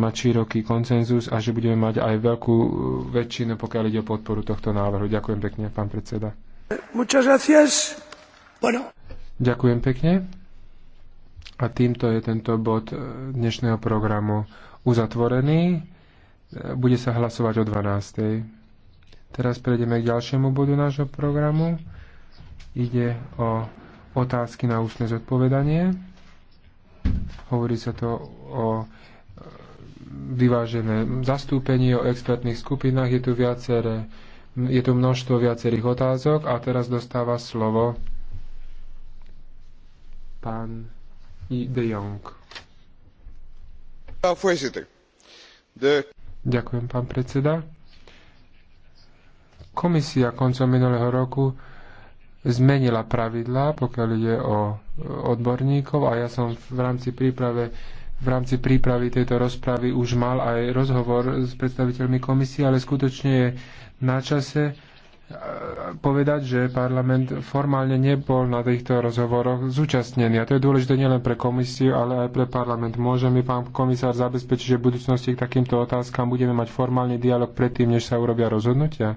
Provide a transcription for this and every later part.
mať široký koncenzus a že budeme mať aj veľkú e, väčšinu, pokiaľ ide o podporu tohto návrhu. Ďakujem pekne, pán predseda. Bueno. Ďakujem pekne. A týmto je tento bod e, dnešného programu uzatvorený. E, bude sa hlasovať o 12. Teraz prejdeme k ďalšiemu bodu nášho programu. Ide o otázky na ústne zodpovedanie. Hovorí sa to o vyvážené zastúpenie o expertných skupinách. Je tu, viaceré, je tu množstvo viacerých otázok a teraz dostáva slovo pán I. de Jong. Ďakujem, pán predseda. Komisia koncom minulého roku zmenila pravidlá, pokiaľ ide o odborníkov a ja som v rámci príprave v rámci prípravy tejto rozpravy už mal aj rozhovor s predstaviteľmi komisie, ale skutočne je na čase eh, povedať, že parlament formálne nebol na týchto rozhovoroch zúčastnený. A to je dôležité nielen pre komisiu, ale aj pre parlament. Môže mi pán komisár zabezpečiť, že v budúcnosti k takýmto otázkam budeme mať formálny dialog predtým, než sa urobia rozhodnutia?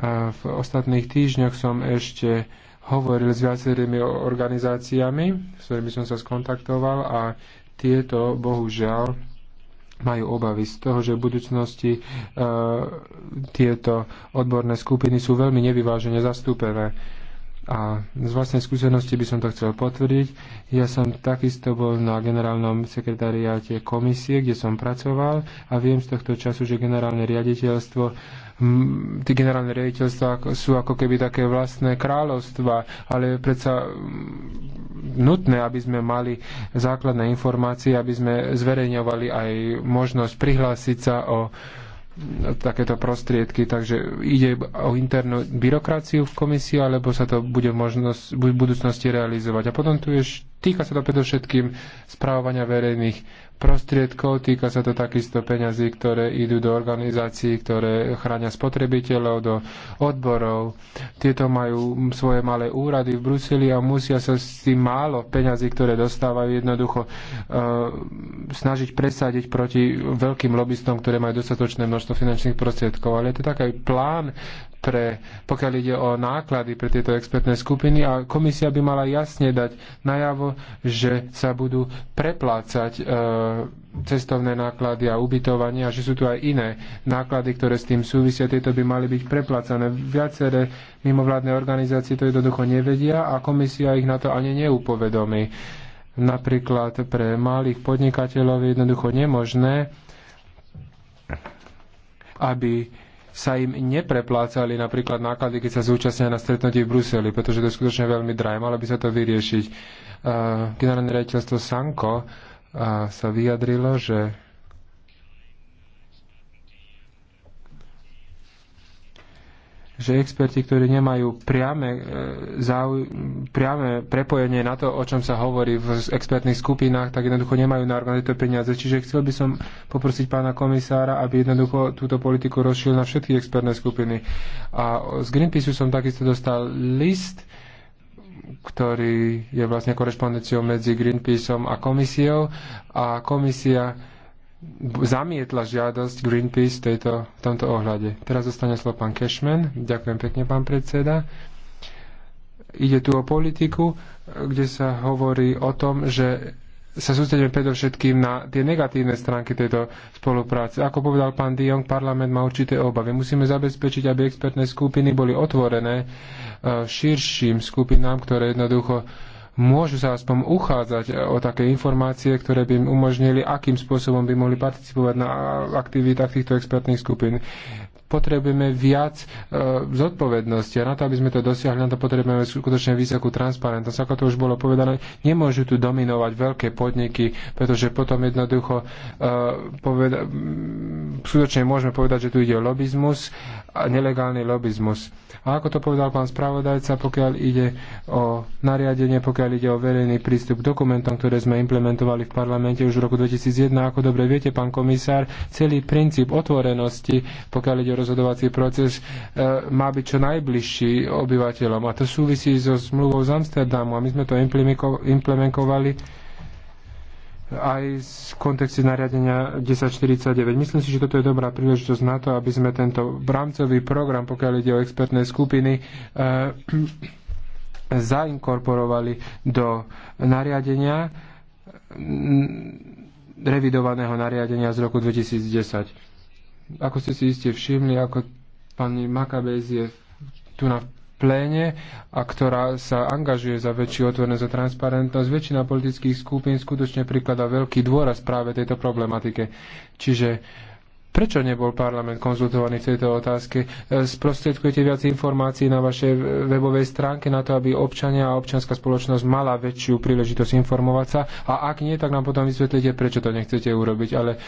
A v ostatných týždňoch som ešte hovoril s viacerými organizáciami, s ktorými som sa skontaktoval a tieto, bohužiaľ, majú obavy z toho, že v budúcnosti e, tieto odborné skupiny sú veľmi nevyvážene zastúpené. A z vlastnej skúsenosti by som to chcel potvrdiť. Ja som takisto bol na generálnom sekretariáte komisie, kde som pracoval a viem z tohto času, že generálne riaditeľstvo tie generálne riaditeľstva sú ako keby také vlastné kráľovstva, ale je predsa nutné, aby sme mali základné informácie, aby sme zverejňovali aj možnosť prihlásiť sa o takéto prostriedky, takže ide o internú byrokraciu v komisii, alebo sa to bude možnosť, v budúcnosti realizovať. A potom tu je, týka sa to predovšetkým správania verejných prostriedkov, týka sa to takisto peňazí, ktoré idú do organizácií, ktoré chránia spotrebiteľov, do odborov. Tieto majú svoje malé úrady v Bruseli a musia sa s tým málo peňazí, ktoré dostávajú, jednoducho uh, snažiť presadiť proti veľkým lobbystom, ktoré majú dostatočné množstvo finančných prostriedkov. Ale je to taký plán pre, pokiaľ ide o náklady pre tieto expertné skupiny a komisia by mala jasne dať najavo, že sa budú preplácať e, cestovné náklady a ubytovanie a že sú tu aj iné náklady, ktoré s tým súvisia. Tieto by mali byť preplácané. Viaceré mimovládne organizácie to jednoducho nevedia a komisia ich na to ani neupovedomí. Napríklad pre malých podnikateľov je jednoducho nemožné, aby sa im nepreplácali napríklad náklady, keď sa zúčastnia na stretnutí v Bruseli, pretože to je skutočne veľmi drahé, malo by sa to vyriešiť. Eh, generálne riaditeľstvo Sanko a sa vyjadrilo, že že experti, ktorí nemajú priame, e, záuj, priame prepojenie na to, o čom sa hovorí v expertných skupinách, tak jednoducho nemajú na tieto peniaze. Čiže chcel by som poprosiť pána komisára, aby jednoducho túto politiku rozšil na všetky expertné skupiny. A z Greenpeaceu som takisto dostal list, ktorý je vlastne korešpondenciou medzi Greenpeaceom a komisiou a komisia zamietla žiadosť Greenpeace tejto, v tomto ohľade. Teraz zostane slovo pán Cashman. Ďakujem pekne, pán predseda. Ide tu o politiku, kde sa hovorí o tom, že sa sústredíme predovšetkým na tie negatívne stránky tejto spolupráce. Ako povedal pán Dion, parlament má určité obavy. Musíme zabezpečiť, aby expertné skupiny boli otvorené e, širším skupinám, ktoré jednoducho môžu sa aspoň uchádzať e, o také informácie, ktoré by im umožnili, akým spôsobom by mohli participovať na aktivitách týchto expertných skupín potrebujeme viac e, zodpovednosti a na to, aby sme to dosiahli, na to potrebujeme skutočne vysokú transparentnosť. Ako to už bolo povedané, nemôžu tu dominovať veľké podniky, pretože potom jednoducho e, poveda- skutočne môžeme povedať, že tu ide o lobizmus a nelegálny lobizmus. A ako to povedal pán spravodajca, pokiaľ ide o nariadenie, pokiaľ ide o verejný prístup k dokumentom, ktoré sme implementovali v parlamente už v roku 2001, ako dobre viete, pán komisár, celý princíp otvorenosti, pokiaľ ide o rozhodovací proces e, má byť čo najbližší obyvateľom. A to súvisí so zmluvou z Amsterdamu. A my sme to implementovali aj z kontexte nariadenia 1049. Myslím si, že toto je dobrá príležitosť na to, aby sme tento rámcový program, pokiaľ ide o expertné skupiny, e, zainkorporovali do nariadenia revidovaného nariadenia z roku 2010. Ako ste si iste všimli, ako pani Makabez je tu na pléne a ktorá sa angažuje za väčšiu otvorenosť a transparentnosť, väčšina politických skupín skutočne prikladá veľký dôraz práve tejto problematike. Čiže Prečo nebol parlament konzultovaný v tejto otázke? Sprostredkujete viac informácií na vašej webovej stránke na to, aby občania a občianská spoločnosť mala väčšiu príležitosť informovať sa? A ak nie, tak nám potom vysvetlíte, prečo to nechcete urobiť. Ale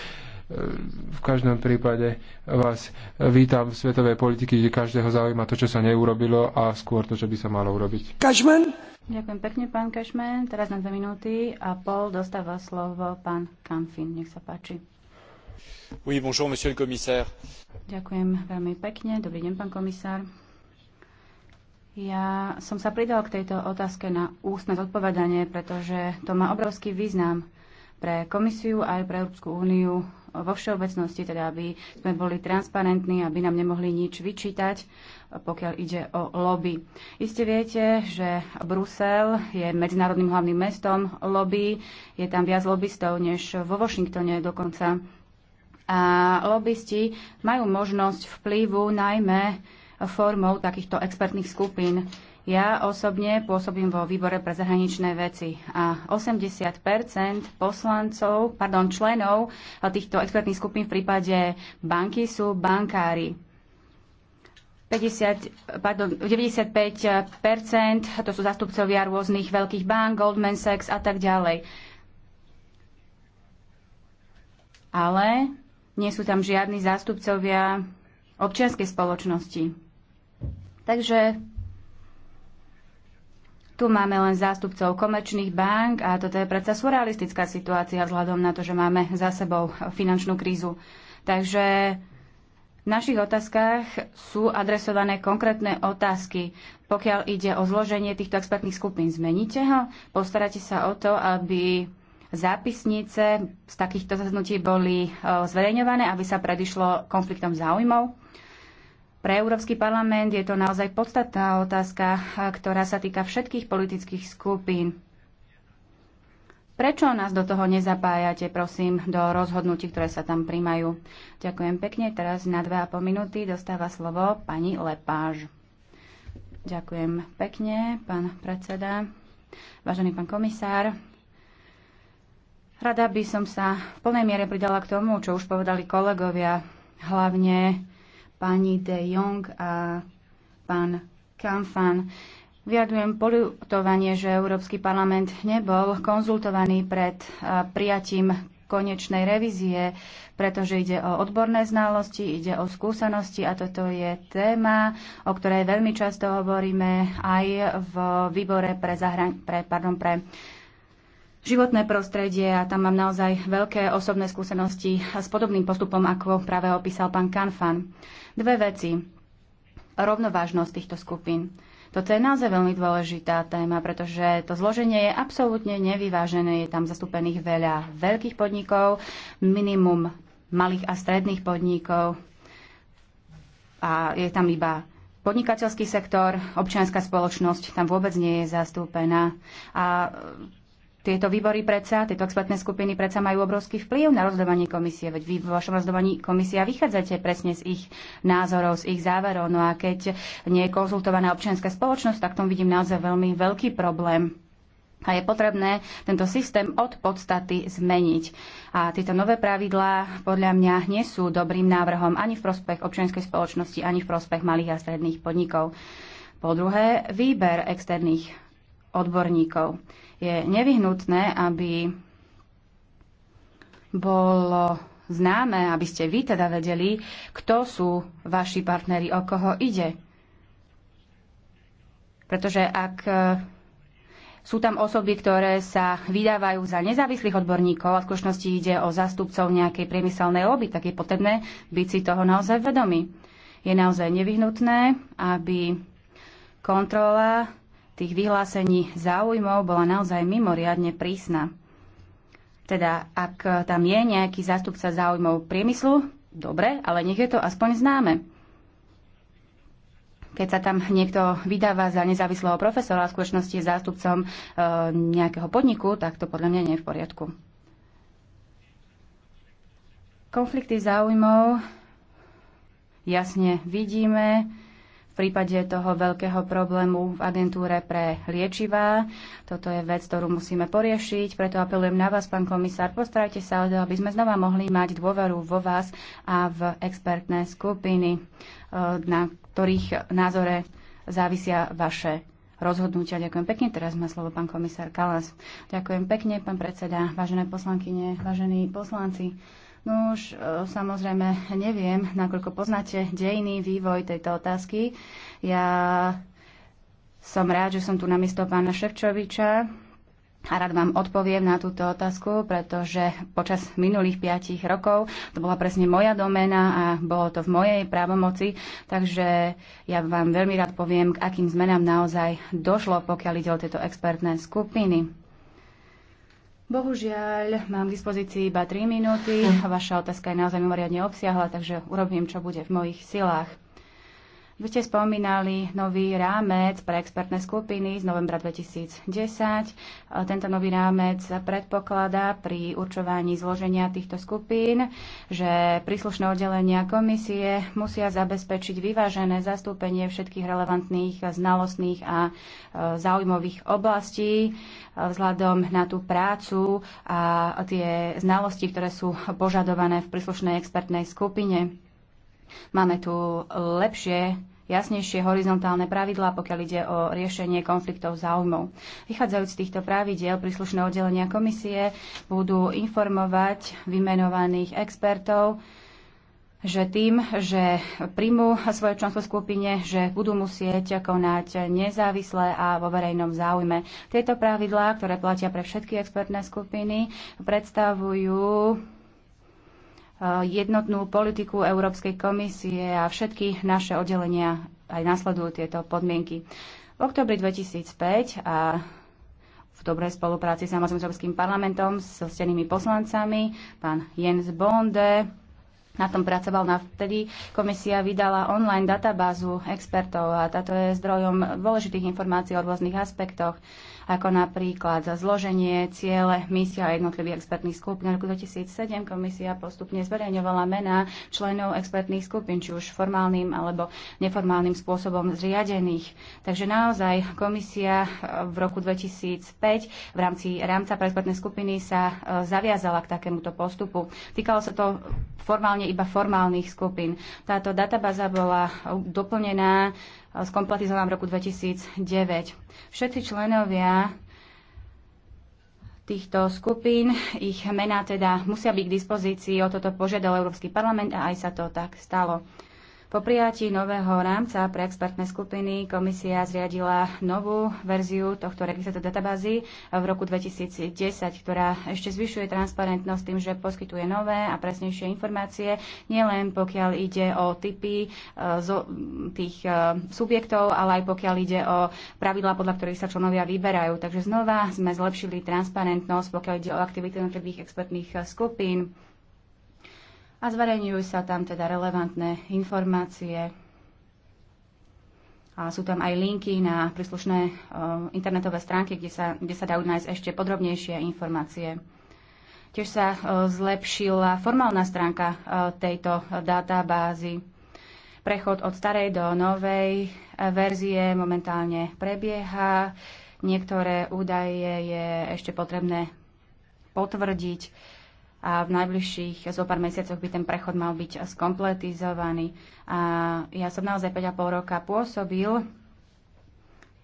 v každom prípade vás vítam v svetovej politiky, kde každého zaujíma to, čo sa neurobilo a skôr to, čo by sa malo urobiť. Kašman? Ďakujem pekne, pán Kašman. Teraz na dve minúty a pol dostáva slovo pán Kamfin. Nech sa páči. Oui, bonjour, monsieur le commissaire. Ďakujem veľmi pekne. Dobrý deň, pán komisár. Ja som sa pridal k tejto otázke na ústne zodpovedanie, pretože to má obrovský význam pre komisiu aj pre Európsku úniu vo všeobecnosti, teda aby sme boli transparentní, aby nám nemohli nič vyčítať, pokiaľ ide o lobby. Iste viete, že Brusel je medzinárodným hlavným mestom lobby, je tam viac lobbystov než vo Washingtone dokonca. A lobbysti majú možnosť vplyvu najmä formou takýchto expertných skupín. Ja osobne pôsobím vo výbore pre zahraničné veci a 80 poslancov, pardon, členov týchto expertných skupín v prípade banky sú bankári. 50, pardon, 95 to sú zastupcovia rôznych veľkých bank, Goldman Sachs a tak ďalej. Ale nie sú tam žiadni zástupcovia občianskej spoločnosti. Takže tu máme len zástupcov komerčných bank a toto je predsa surrealistická situácia vzhľadom na to, že máme za sebou finančnú krízu. Takže v našich otázkach sú adresované konkrétne otázky. Pokiaľ ide o zloženie týchto expertných skupín, zmeníte ho? Postaráte sa o to, aby zápisnice z takýchto zaznutí boli e, zverejňované, aby sa predišlo konfliktom záujmov? Pre Európsky parlament je to naozaj podstatná otázka, ktorá sa týka všetkých politických skupín. Prečo nás do toho nezapájate, prosím, do rozhodnutí, ktoré sa tam príjmajú? Ďakujem pekne. Teraz na 2,5 minúty dostáva slovo pani Lepáž. Ďakujem pekne, pán predseda. Vážený pán komisár, rada by som sa v plnej miere pridala k tomu, čo už povedali kolegovia, hlavne pani De Jong a pán Kamfan. Vyjadujem polutovanie, že Európsky parlament nebol konzultovaný pred prijatím konečnej revízie, pretože ide o odborné znalosti, ide o skúsenosti a toto je téma, o ktorej veľmi často hovoríme aj v výbore pre, zahrani- pre, pardon, pre životné prostredie a tam mám naozaj veľké osobné skúsenosti s podobným postupom, ako práve opísal pán Kanfan. Dve veci. Rovnovážnosť týchto skupín. Toto je naozaj veľmi dôležitá téma, pretože to zloženie je absolútne nevyvážené. Je tam zastúpených veľa veľkých podnikov, minimum malých a stredných podnikov a je tam iba podnikateľský sektor, občianská spoločnosť tam vôbec nie je zastúpená. A tieto výbory predsa, tieto expertné skupiny predsa majú obrovský vplyv na rozhodovanie komisie, veď vy vo vašom rozhodovaní komisia vychádzate presne z ich názorov, z ich záverov. No a keď nie je konzultovaná občianská spoločnosť, tak tom vidím naozaj veľmi veľký problém. A je potrebné tento systém od podstaty zmeniť. A tieto nové pravidlá podľa mňa nie sú dobrým návrhom ani v prospech občianskej spoločnosti, ani v prospech malých a stredných podnikov. Po druhé, výber externých odborníkov. Je nevyhnutné, aby bolo známe, aby ste vy teda vedeli, kto sú vaši partneri, o koho ide. Pretože ak e, sú tam osoby, ktoré sa vydávajú za nezávislých odborníkov a v skutočnosti ide o zástupcov nejakej priemyselnej lobby, tak je potrebné byť si toho naozaj vedomi. Je naozaj nevyhnutné, aby kontrola tých vyhlásení záujmov bola naozaj mimoriadne prísna. Teda, ak tam je nejaký zástupca záujmov priemyslu, dobre, ale nech je to aspoň známe. Keď sa tam niekto vydáva za nezávislého profesora a v skutočnosti zástupcom e, nejakého podniku, tak to podľa mňa nie je v poriadku. Konflikty záujmov jasne vidíme v prípade toho veľkého problému v agentúre pre liečivá. Toto je vec, ktorú musíme poriešiť, preto apelujem na vás, pán komisár, postarajte sa o to, aby sme znova mohli mať dôveru vo vás a v expertné skupiny, e, na ktorých názore závisia vaše rozhodnutia. Ďakujem pekne. Teraz má slovo pán komisár Kalas. Ďakujem pekne, pán predseda, vážené poslankyne, vážení poslanci. No už e, samozrejme neviem, nakoľko poznáte dejný vývoj tejto otázky. Ja som rád, že som tu na miesto pána Ševčoviča a rád vám odpoviem na túto otázku, pretože počas minulých piatich rokov to bola presne moja domena a bolo to v mojej právomoci, takže ja vám veľmi rád poviem, k akým zmenám naozaj došlo, pokiaľ ide o tieto expertné skupiny. Bohužiaľ, mám k dispozícii iba 3 minúty. Hm. Vaša otázka je naozaj mimoriadne obsiahla, takže urobím, čo bude v mojich silách. Vy ste spomínali nový rámec pre expertné skupiny z novembra 2010. E, tento nový rámec predpokladá pri určovaní zloženia týchto skupín, že príslušné oddelenia komisie musia zabezpečiť vyvážené zastúpenie všetkých relevantných znalostných a e, záujmových oblastí e, vzhľadom na tú prácu a tie znalosti, ktoré sú požadované v príslušnej expertnej skupine. Máme tu e, lepšie jasnejšie horizontálne pravidlá, pokiaľ ide o riešenie konfliktov záujmov. Vychádzajúc z týchto pravidiel, príslušné oddelenia komisie budú informovať vymenovaných expertov, že tým, že príjmu svoje členstvo skupine, že budú musieť konať nezávisle a vo verejnom záujme. Tieto pravidlá, ktoré platia pre všetky expertné skupiny, predstavujú jednotnú politiku Európskej komisie a všetky naše oddelenia aj nasledujú tieto podmienky. V oktobri 2005 a v dobrej spolupráci s Amazonským parlamentom so stenými poslancami, pán Jens Bonde, na tom pracoval na vtedy. Komisia vydala online databázu expertov a táto je zdrojom dôležitých informácií o rôznych aspektoch ako napríklad za zloženie, ciele, misia a jednotlivých expertných skupín. V roku 2007 komisia postupne zverejňovala mená členov expertných skupín, či už formálnym alebo neformálnym spôsobom zriadených. Takže naozaj komisia eh, v roku 2005 v rámci rámca pre expertné skupiny sa eh, zaviazala k takémuto postupu. Týkalo sa to formálne iba formálnych skupín. Táto databáza bola eh, doplnená skompletizovaná v roku 2009. Všetci členovia týchto skupín, ich mená teda musia byť k dispozícii, o toto požiadal Európsky parlament a aj sa to tak stalo. Po prijatí nového rámca pre expertné skupiny komisia zriadila novú verziu tohto registra databázy v roku 2010, ktorá ešte zvyšuje transparentnosť tým, že poskytuje nové a presnejšie informácie, nielen pokiaľ ide o typy e, tých e, subjektov, ale aj pokiaľ ide o pravidlá, podľa ktorých sa členovia vyberajú. Takže znova sme zlepšili transparentnosť, pokiaľ ide o aktivity jednotlivých expertných e, skupín a zverejňujú sa tam teda relevantné informácie a sú tam aj linky na príslušné e, internetové stránky, kde sa, kde sa dajú nájsť ešte podrobnejšie informácie. Tiež sa e, zlepšila formálna stránka e, tejto databázy. Prechod od starej do novej verzie momentálne prebieha. Niektoré údaje je ešte potrebné potvrdiť a v najbližších zo pár mesiacoch by ten prechod mal byť skompletizovaný. A ja som naozaj 5,5 roka pôsobil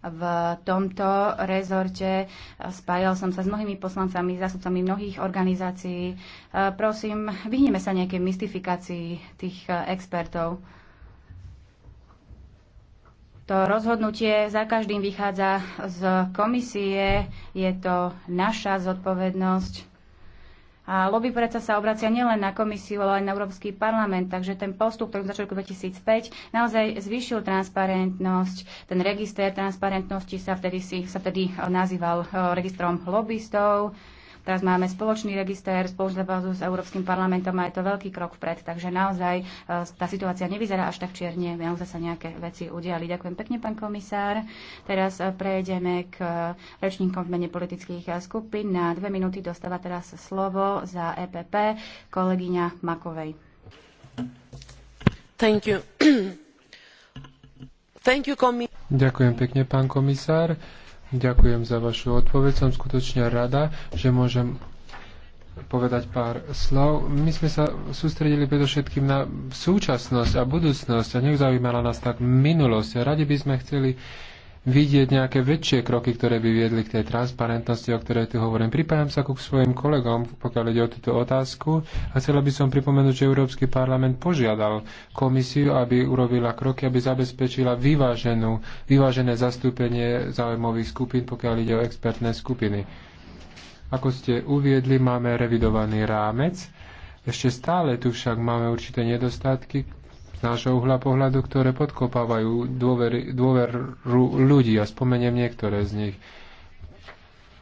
v tomto rezorte. Spájal som sa s mnohými poslancami, zástupcami mnohých organizácií. Prosím, vyhneme sa nejakej mystifikácii tých expertov. To rozhodnutie za každým vychádza z komisie. Je to naša zodpovednosť. A lobby predsa sa obracia nielen na komisiu, ale aj na Európsky parlament. Takže ten postup, ktorý začal roku 2005, naozaj zvýšil transparentnosť. Ten register transparentnosti sa vtedy, si, sa vtedy nazýval eh, registrom lobbystov. Teraz máme spoločný register, spoločnú bázu s Európskym parlamentom a je to veľký krok vpred. Takže naozaj e, tá situácia nevyzerá až tak čierne, naozaj sa nejaké veci udiali. Ďakujem pekne, pán komisár. Teraz e, prejdeme k e, rečníkom v mene politických skupín. Na dve minúty dostáva teraz slovo za EPP kolegyňa Makovej. Thank you. Thank you, Ďakujem pekne, pán komisár. Ďakujem za vašu odpoveď. Som skutočne rada, že môžem povedať pár slov. My sme sa sústredili predovšetkým na súčasnosť a budúcnosť a neuzaujímala nás tak minulosť. A radi by sme chceli vidieť nejaké väčšie kroky, ktoré by viedli k tej transparentnosti, o ktorej tu hovorím. Pripájam sa ku svojim kolegom, pokiaľ ide o túto otázku a chcela by som pripomenúť, že Európsky parlament požiadal komisiu, aby urobila kroky, aby zabezpečila vyváženú, vyvážené zastúpenie záujmových skupín, pokiaľ ide o expertné skupiny. Ako ste uviedli, máme revidovaný rámec. Ešte stále tu však máme určité nedostatky, nášho uhla pohľadu, ktoré podkopávajú dôvery, dôveru ľudí a spomeniem niektoré z nich.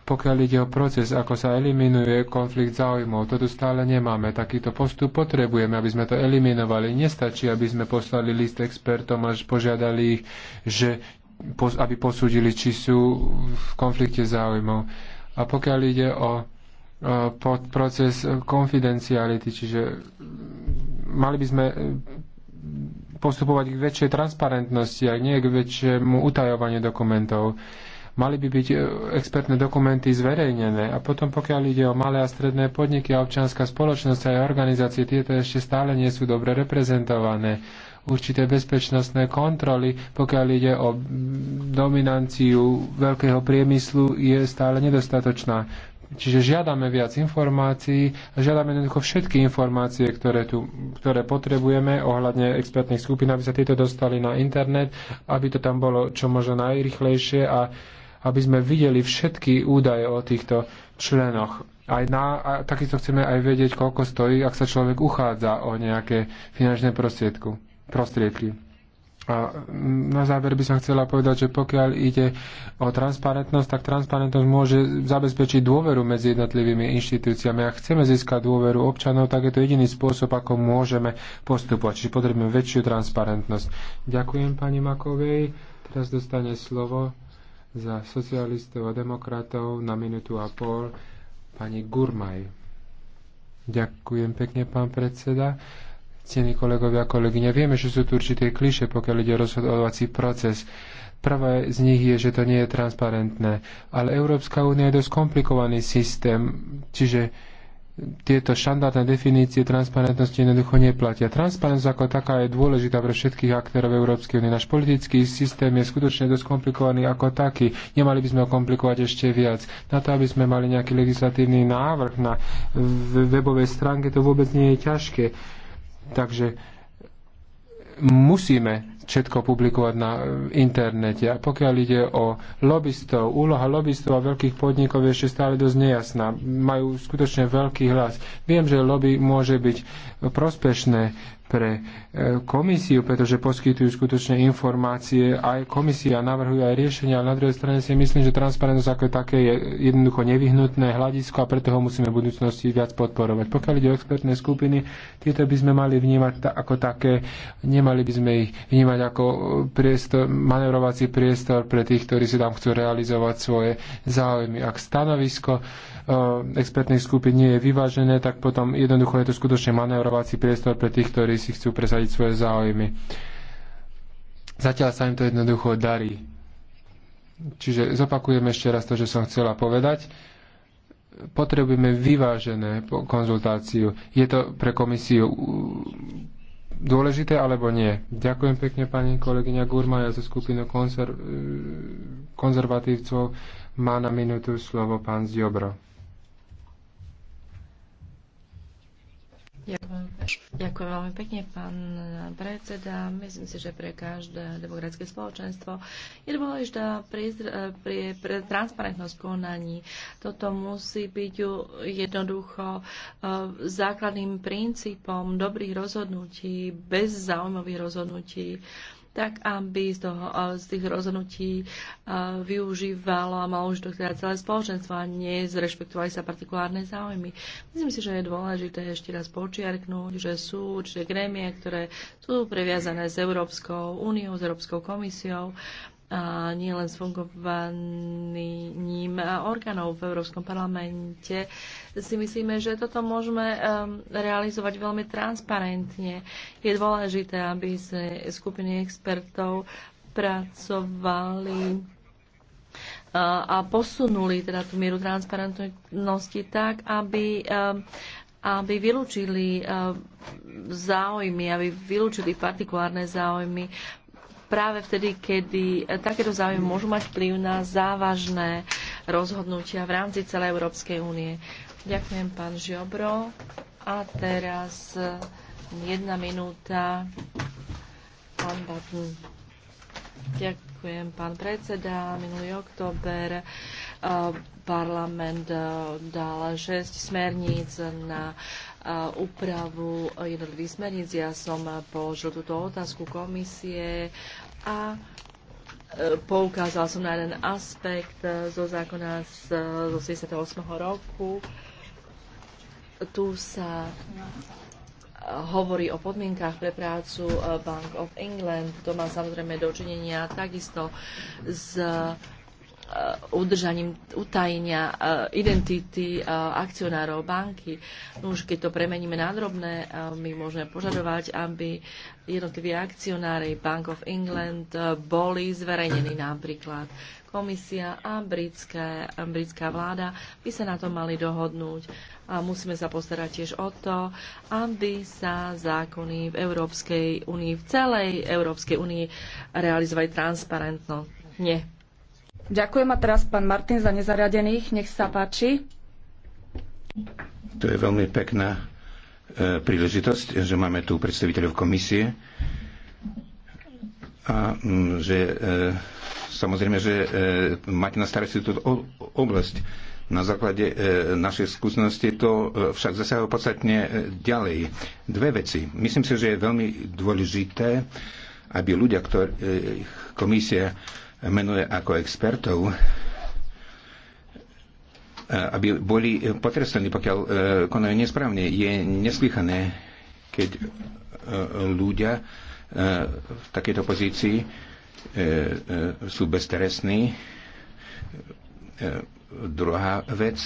Pokiaľ ide o proces, ako sa eliminuje konflikt záujmov, to tu stále nemáme. Takýto postup potrebujeme, aby sme to eliminovali. Nestačí, aby sme poslali list expertom až požiadali ich, že, aby posúdili, či sú v konflikte záujmov. A pokiaľ ide o pod proces konfidenciality, čiže mali by sme postupovať k väčšej transparentnosti a nie k väčšiemu utajovaniu dokumentov. Mali by byť e, expertné dokumenty zverejnené a potom pokiaľ ide o malé a stredné podniky a občianská spoločnosť a organizácie, tieto ešte stále nie sú dobre reprezentované určité bezpečnostné kontroly, pokiaľ ide o dominanciu veľkého priemyslu, je stále nedostatočná. Čiže žiadame viac informácií a žiadame jednoducho všetky informácie, ktoré, tu, ktoré potrebujeme ohľadne expertných skupín, aby sa tieto dostali na internet, aby to tam bolo čo možno najrychlejšie a aby sme videli všetky údaje o týchto členoch. Aj na, a takisto chceme aj vedieť, koľko stojí, ak sa človek uchádza o nejaké finančné prostriedky. A na záver by som chcela povedať, že pokiaľ ide o transparentnosť, tak transparentnosť môže zabezpečiť dôveru medzi jednotlivými inštitúciami. Ak chceme získať dôveru občanov, tak je to jediný spôsob, ako môžeme postupovať. Čiže potrebujeme väčšiu transparentnosť. Ďakujem pani Makovej. Teraz dostane slovo za socialistov a demokratov na minútu a pol pani Gurmaj. Ďakujem pekne, pán predseda. Cení kolegovia a kolegyne, vieme, že sú tu určité kliše, pokiaľ ide rozhodovací proces. Prvá z nich je, že to nie je transparentné. Ale Európska únia je dosť komplikovaný systém, čiže tieto štandardné definície transparentnosti jednoducho neplatia. Transparentnosť ako taká je dôležitá pre všetkých aktérov Európskej únie. Náš politický systém je skutočne dosť komplikovaný ako taký. Nemali by sme ho komplikovať ešte viac. Na to, aby sme mali nejaký legislatívny návrh na webovej stránke, to vôbec nie je ťažké Takže musíme všetko publikovať na internete. A pokiaľ ide o lobbystov, úloha lobbystov a veľkých podnikov je ešte stále dosť nejasná. Majú skutočne veľký hlas. Viem, že lobby môže byť prospešné pre e, komisiu, pretože poskytujú skutočne informácie. Aj komisia navrhuje aj riešenia, ale na druhej strane si myslím, že transparentnosť ako také je jednoducho nevyhnutné hľadisko a preto ho musíme v budúcnosti viac podporovať. Pokiaľ ide o expertné skupiny, tieto by sme mali vnímať ako také, nemali by sme ich vnímať ako e, priestor, manevrovací priestor pre tých, ktorí si tam chcú realizovať svoje záujmy. Ak stanovisko e, expertných skupín nie je vyvážené, tak potom jednoducho je to skutočne manevrovací priestor pre tých, ktorí si chcú presadiť svoje záujmy. Zatiaľ sa im to jednoducho darí. Čiže zopakujem ešte raz to, že som chcela povedať. Potrebujeme vyvážené konzultáciu. Je to pre komisiu dôležité alebo nie? Ďakujem pekne pani kolegyňa Gurma, ja zo skupinu konzer- konzervatívcov má na minútu slovo pán Ziobro. Ďakujem, veľmi pekne, pán predseda. Myslím si, že pre každé demokratické spoločenstvo je dôležitá pre, eh, pre, pre transparentnosť konaní. Toto musí byť jednoducho eh, základným princípom dobrých rozhodnutí, bez zaujímavých rozhodnutí tak aby z, toho, z tých rozhodnutí využívalo a malo už teda celé spoločenstvo a nezrešpektovali sa partikulárne záujmy. Myslím si, že je dôležité ešte raz počiarknúť, že sú určite grémie, ktoré sú previazané s Európskou úniou, s Európskou komisiou nielen s fungovaním e, orgánov v Európskom parlamente, si myslíme, že toto môžeme e, realizovať veľmi transparentne. Je dôležité, aby sa skupiny expertov pracovali e, a posunuli teda tú mieru transparentnosti tak, aby aby vylúčili záujmy, aby vylúčili partikulárne záujmy práve vtedy, kedy takéto záujmy môžu mať vplyv na závažné rozhodnutia v rámci celej Európskej únie. Ďakujem, pán Žiobro. A teraz jedna minúta. Pán Batn. Ďakujem, pán predseda. Minulý október eh, parlament eh, dal 6 smerníc na úpravu jednotlivých smerníc. Ja som položil túto otázku komisie a e, poukázal som na jeden aspekt e, zo zákona z 88. E, roku. Tu sa hovorí o podmienkách pre prácu Bank of England. To má samozrejme dočinenia takisto s E, udržaním utajenia e, identity e, akcionárov banky. No už keď to premeníme na drobné, my môžeme požadovať, aby jednotliví akcionári Bank of England boli zverejnení napríklad. Komisia a britská, britská vláda by sa na to mali dohodnúť. A musíme sa postarať tiež o to, aby sa zákony v Európskej únii, v celej Európskej únii realizovali transparentno. Nie Ďakujem a teraz pán Martin za nezariadených, Nech sa páči. To je veľmi pekná e, príležitosť, že máme tu predstaviteľov komisie a m, mm, že e, samozrejme, že e, máte na starosti túto oblasť. Na základe e, skúsenosti skúseností to e, však zasahuje podstatne e, ďalej. Dve veci. Myslím si, že je veľmi dôležité, aby ľudia, ktorých e, komisia menuje ako expertov, e, aby boli potrestaní, pokiaľ e, konajú nesprávne. Je neslychané, keď e, ľudia v takejto pozícii sú bezteresní. Druhá vec,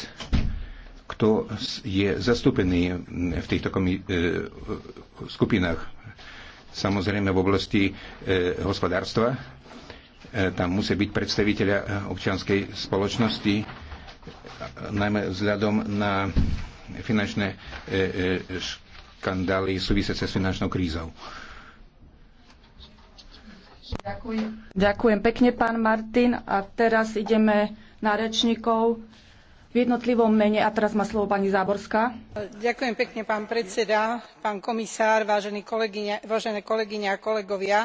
kto je zastúpený v týchto skupinách. Samozrejme v oblasti hospodárstva tam musia byť predstaviteľia eh, občianskej spoločnosti, najmä vzhľadom na finančné eh, eh, škandály súvisiace s finančnou krízou. Ďakujem. Ďakujem pekne, pán Martin. A teraz ideme na rečníkov v jednotlivom mene a teraz má slovo pani záborská. ďakujem pekne pán predseda pán komisár vážené kolegyne, vážené kolegyne a kolegovia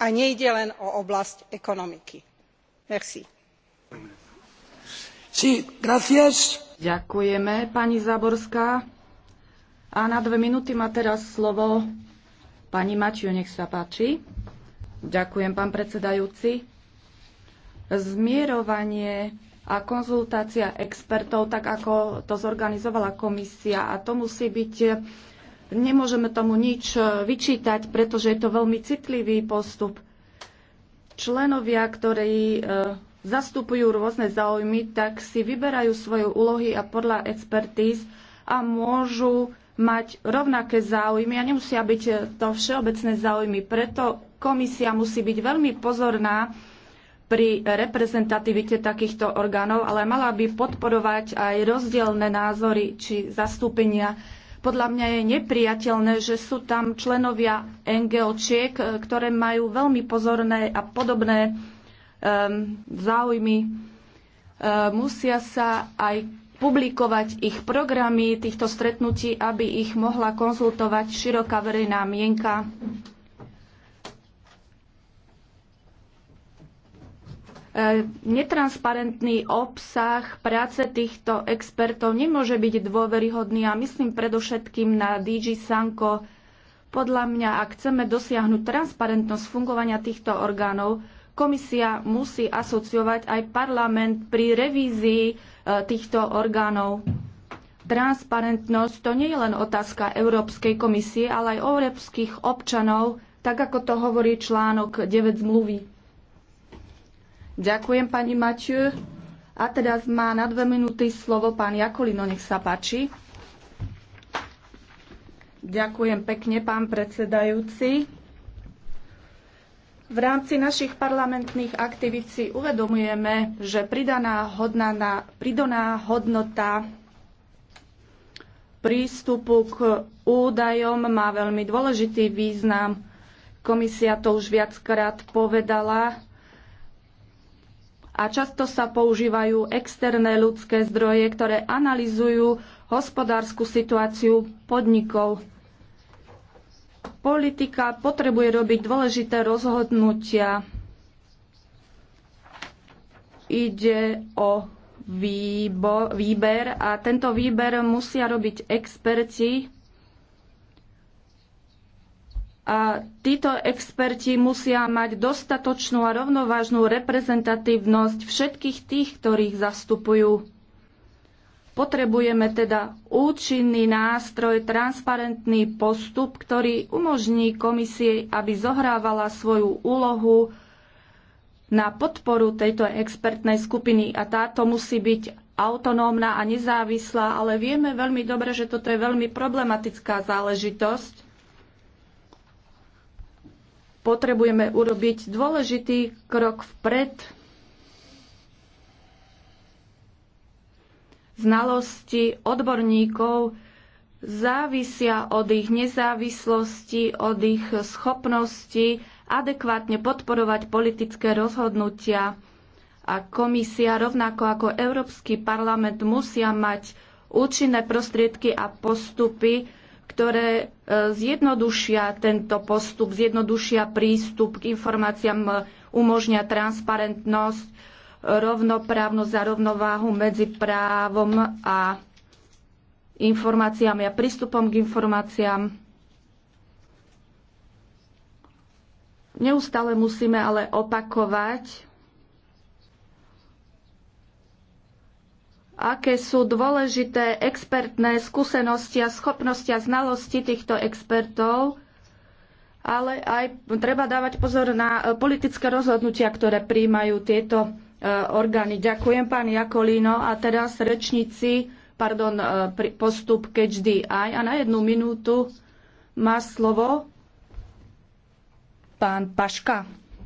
a nejde len o oblasť ekonomiky. merci. Ďakujeme, pani A na dve má teraz slovo pani Ďakujem, pán predsedajúci. Zmierovanie a konzultácia expertov, tak ako to zorganizovala komisia, a to musí byť Nemôžeme tomu nič e, vyčítať, pretože je to veľmi citlivý postup. Členovia, ktorí e, zastupujú rôzne záujmy, tak si vyberajú svoje úlohy a podľa expertíz a môžu mať rovnaké záujmy a nemusia byť e, to všeobecné záujmy. Preto komisia musí byť veľmi pozorná pri reprezentativite takýchto orgánov, ale mala by podporovať aj rozdielne názory či zastúpenia. Podľa mňa je nepriateľné, že sú tam členovia NGOčiek, e, ktoré majú veľmi pozorné a podobné um, záujmy. Um, musia sa aj publikovať ich programy týchto stretnutí, aby ich mohla konzultovať široká verejná mienka. E, netransparentný obsah práce týchto expertov nemôže byť dôveryhodný a myslím predovšetkým na DG Sanko. Podľa mňa, ak chceme dosiahnuť transparentnosť fungovania týchto orgánov, komisia musí asociovať aj parlament pri revízii e, týchto orgánov. Transparentnosť to nie je len otázka Európskej komisie, ale aj európskych občanov, tak ako to hovorí článok 9 zmluvy. Ďakujem pani Maťu. A teraz má na dve minúty slovo pán Jakolino, nech sa páči. Ďakujem pekne, pán predsedajúci. V rámci našich parlamentných aktivít si uvedomujeme, že pridaná, hodna na, pridaná hodnota prístupu k údajom má veľmi dôležitý význam. Komisia to už viackrát povedala a často sa používajú externé ľudské zdroje, ktoré analizujú hospodárskú situáciu podnikov. Politika potrebuje robiť dôležité rozhodnutia. Ide o výber a tento výber musia robiť experti títo experti musia mať dostatočnú a rovnovážnu reprezentatívnosť všetkých tých, ktorých zastupujú. Potrebujeme teda účinný nástroj, transparentný postup, ktorý umožní komisie, aby zohrávala svoju úlohu na podporu tejto expertnej skupiny a táto musí byť autonómna a nezávislá, ale vieme veľmi dobre, že toto je veľmi problematická záležitosť potrebujeme urobiť dôležitý krok vpred. Znalosti odborníkov závisia od ich nezávislosti, od ich schopnosti adekvátne podporovať politické rozhodnutia. A komisia, rovnako ako Európsky parlament, musia mať účinné prostriedky a postupy, ktoré e, zjednodušia tento postup, zjednodušia prístup k informáciám, e, umožňa transparentnosť, rovnoprávnosť a rovnováhu medzi právom a informáciami a prístupom k informáciám. Neustále musíme ale opakovať, aké sú dôležité expertné skúsenosti a schopnosti a znalosti týchto expertov, ale aj treba dávať pozor na e, politické rozhodnutia, ktoré príjmajú tieto e, orgány. Ďakujem, pán Jakolíno. A teraz rečníci, pardon, e, postup catch the A na jednu minútu má slovo pán Paška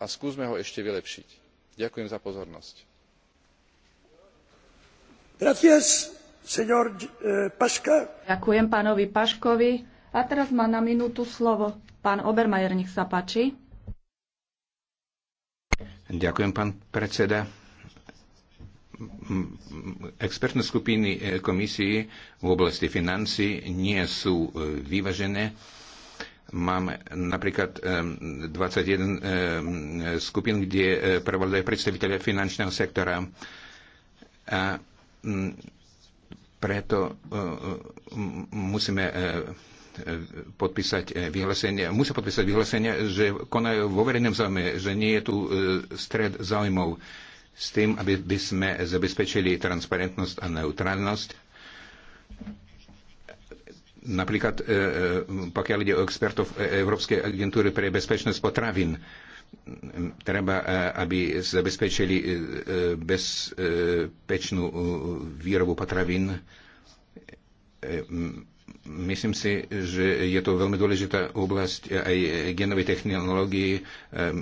a skúsme ho ešte vylepšiť. ďakujem za pozornosť. Eh, ďakujem pánovi paškovi a teraz má na slovo pán Ďakujem, predseda expertné skupiny eh, komisie v oblasti financií nie sú eh, vyvažené Máme napríklad 21 skupín, kde eh, prevádzajú predstaviteľe finančného sektora. A mm, preto eh, musíme eh, podpísať vyhlásenie, musia podpísať vyhlásenie, že konajú vo verejnom záujme, že nie je tu stred záujmov s tým, aby by sme zabezpečili transparentnosť a neutrálnosť Napríklad, e, e, pokiaľ ide o expertov e, Európskej agentúry pre bezpečnosť potravín, treba, aby zabezpečili bezpečnú výrobu potravín. Myslím si, že je to veľmi dôležitá oblasť aj genovej technológii.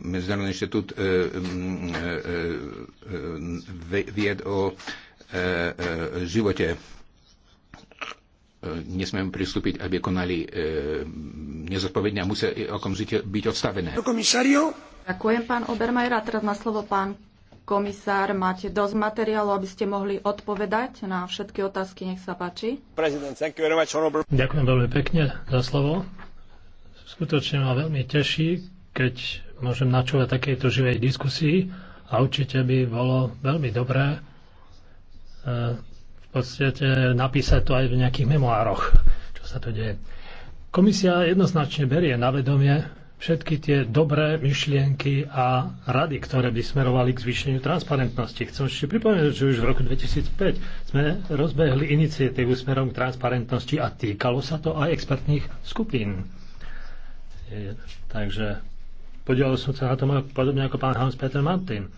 Medzinárodný inštitút vied o živote nesmieme pristúpiť, aby konali e, nezodpovedne a musia okamžite byť odstavené. Ďakujem, pán Obermajer. A teraz na slovo pán komisár. Máte dosť materiálu, aby ste mohli odpovedať na všetky otázky. Nech sa páči. Ďakujem veľmi pekne za slovo. Skutočne ma veľmi teší, keď môžem načúvať takejto živej diskusii a určite by bolo veľmi dobré e, podstate napísať to aj v nejakých memoároch, čo sa to deje. Komisia jednoznačne berie na vedomie všetky tie dobré myšlienky a rady, ktoré by smerovali k zvýšeniu transparentnosti. Chcem ešte pripomenúť, že už v roku 2005 sme rozbehli iniciatívu smerom k transparentnosti a týkalo sa to aj expertných skupín. takže podielal som sa na tom podobne ako pán Hans Peter Martin.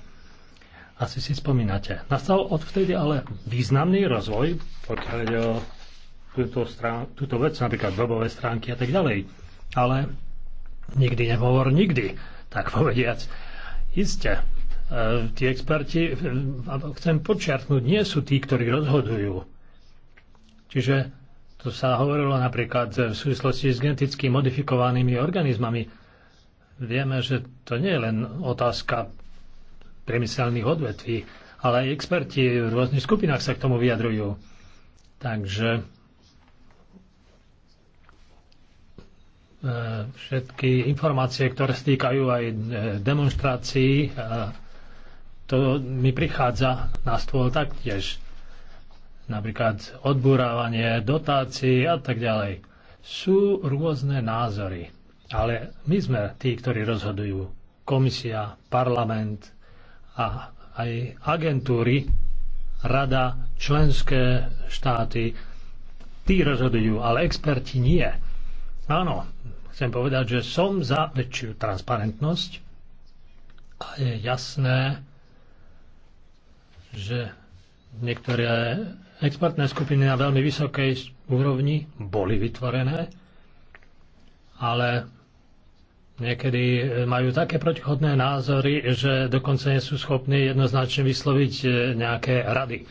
Asi si spomínate. Nastal odvtedy ale významný rozvoj, pokiaľ ide o túto, strán, túto vec, napríklad webové stránky a tak ďalej. Ale nikdy nehovor nikdy, tak povediac. Isté, e, tí experti, e, chcem počiarknúť, nie sú tí, ktorí rozhodujú. Čiže to sa hovorilo napríklad v súvislosti s geneticky modifikovanými organizmami. Vieme, že to nie je len otázka priemyselných odvetví, ale aj experti v rôznych skupinách sa k tomu vyjadrujú. Takže e, všetky informácie, ktoré stýkajú aj e, demonstrácií, e, to mi prichádza na stôl taktiež. Napríklad odburávanie dotácií a tak ďalej. Sú rôzne názory, ale my sme tí, ktorí rozhodujú. Komisia, parlament a aj agentúry, rada, členské štáty, tí rozhodujú, ale experti nie. Áno, chcem povedať, že som za väčšiu transparentnosť a je jasné, že niektoré expertné skupiny na veľmi vysokej úrovni boli vytvorené, ale niekedy e, majú také protichodné názory, že dokonca nie sú schopní jednoznačne vysloviť e, nejaké rady.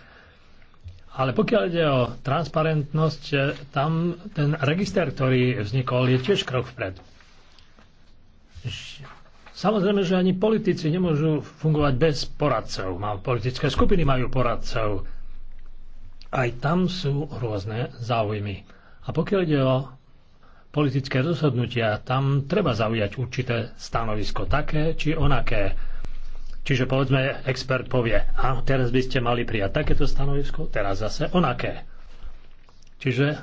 Ale pokiaľ ide o transparentnosť, e, tam ten register, ktorý vznikol, je tiež krok vpred. Samozrejme, že ani politici nemôžu fungovať bez poradcov. Politické skupiny majú poradcov. Aj tam sú rôzne záujmy. A pokiaľ ide o politické rozhodnutia, tam treba zaujať určité stanovisko, také či onaké. Čiže povedzme, expert povie, a teraz by ste mali prijať takéto stanovisko, teraz zase onaké. Čiže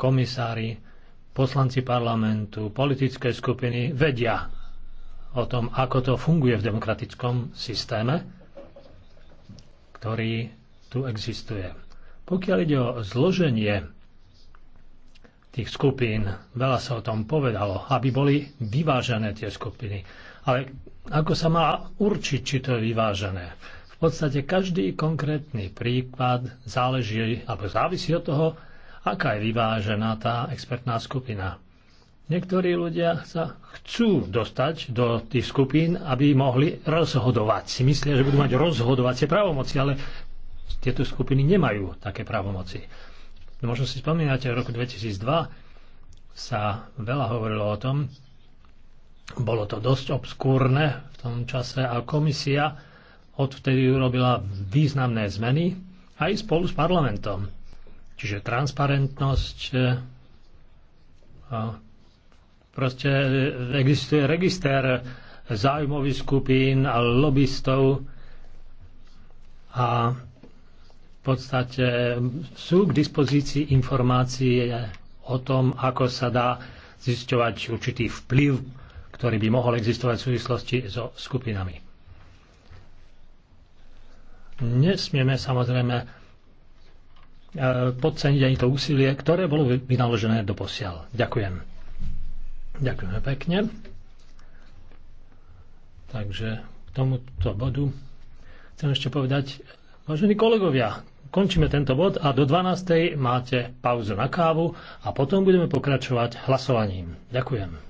komisári, poslanci parlamentu, politické skupiny vedia o tom, ako to funguje v demokratickom systéme, ktorý tu existuje. Pokiaľ ide o zloženie tých skupín, veľa sa o tom povedalo, aby boli vyvážené tie skupiny. Ale ako sa má určiť, či to je vyvážené? V podstate každý konkrétny príklad záleží, alebo závisí od toho, aká je vyvážená tá expertná skupina. Niektorí ľudia sa chcú dostať do tých skupín, aby mohli rozhodovať. Si myslia, že budú mať rozhodovacie právomoci, ale tieto skupiny nemajú také právomoci. No možno si spomínate, v roku 2002 sa veľa hovorilo o tom, bolo to dosť obskúrne v tom čase a komisia odvtedy urobila významné zmeny aj spolu s parlamentom. Čiže transparentnosť, e, proste existuje register záujmových skupín a lobbystov a v podstate sú k dispozícii informácie o tom, ako sa dá zisťovať určitý vplyv, ktorý by mohol existovať v súvislosti so skupinami. Nesmieme samozrejme e, podceniť ani to úsilie, ktoré bolo vynaložené do posiaľ. Ďakujem. Ďakujeme pekne. Takže k tomuto bodu chcem ešte povedať, Vážení kolegovia, Končíme tento bod a do 12.00 máte pauzu na kávu a potom budeme pokračovať hlasovaním. Ďakujem.